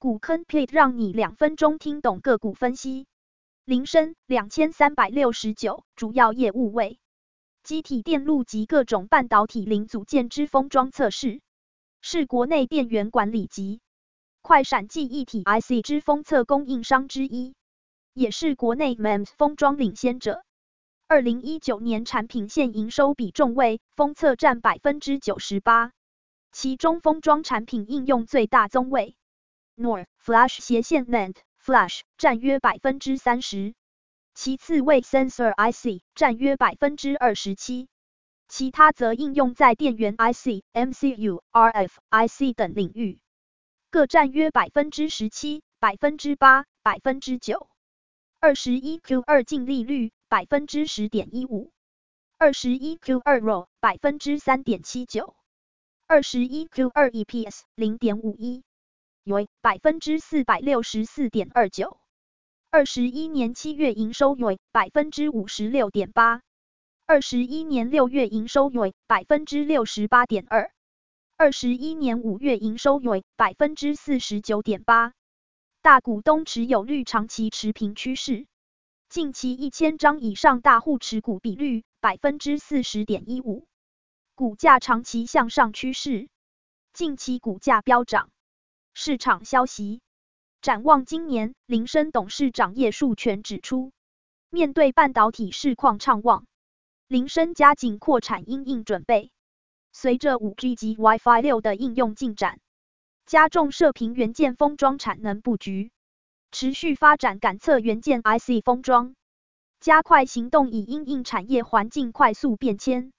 股坑 plate 讓你兩分鐘聽懂個股分析。菱生，兩千三百六十九，69，主要業務為積體電路及各種半導體零組件之封裝測試，是國內電源管理及快閃記憶體 IC 之封測供應商之一，也是國內 MEMS 封裝領先者。二零一九年產品線營收比重為封測佔百分之九十八，其中封裝產品應用最大宗為，Nor Flash 斜線 NAND Flash 占約百分之三十，其次為 Sensor IC 占約百分之二十七，其他則應用在電源 IC、MCU、RF IC 等領域，各占約百分之十七、百分之八、百分之九。二十一 Q 二淨利率百分之十點一五，二十一 Q 二 ROE 百分之三點七九，二十一 Q 二 EPS 零點五一。為百分之四百六十四點二九，二十一年七月營收為百分之五十六點八，二十一年六月營收為百分之六十八點二，二十一年五月營收為百分之四十九點八。大股東持有率長期持平趨勢，近期一千張以上大戶持股比率百分之四十點一五。股價長期向上趨勢，近期股價飆漲。市場消息，展望今年，菱生董事長葉樹全指出，面對半導體市況暢旺，菱生加緊擴產因應準備。隨着 5G 及 WiFi 6的應用進展，加重射頻元件封裝產能布局，持續發展感測元件 IC 封裝，加快行動以因應產業環境快速變遷，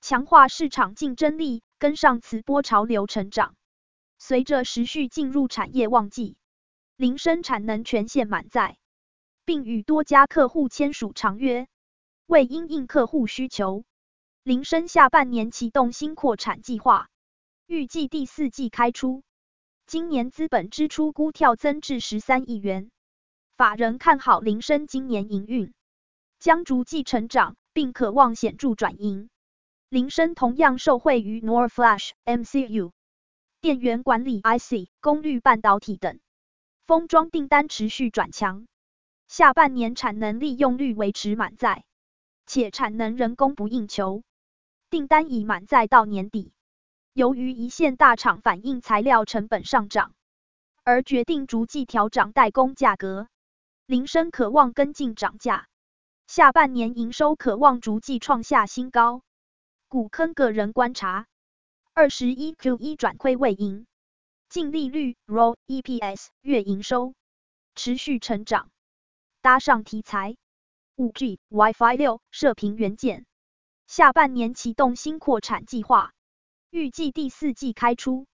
強化市場競爭力，跟上此波潮流成長。隨着持續進入產業旺季，菱生產能全線滿載，並與多家客戶簽署長約，為因應客戶需求，菱生下半年啟動新擴產計劃，預計第四季開出。今年資本支出估跳增至十三億元，法人看好菱生今年營運將逐季成長，並渴望顯著轉盈。菱生同樣受惠於 NOR Flash MCU。電源管理 IC、功率半導體等封裝訂單持續轉強，下半年產能利用率維持滿載，且產能仍供不應求，訂單已滿載到年底。由於一線大廠反映材料成本上漲，而決定逐季調整代工價格，菱生可望跟進漲價，下半年營收可望逐季創下新高。股坑個人觀察。二十一 Q 一轉虧為盈，淨利率、ROE、EPS、月營收持續成長，搭上題材，5G Wi-Fi 6射頻元件，下半年啟動新擴產計劃，預計第四季開出。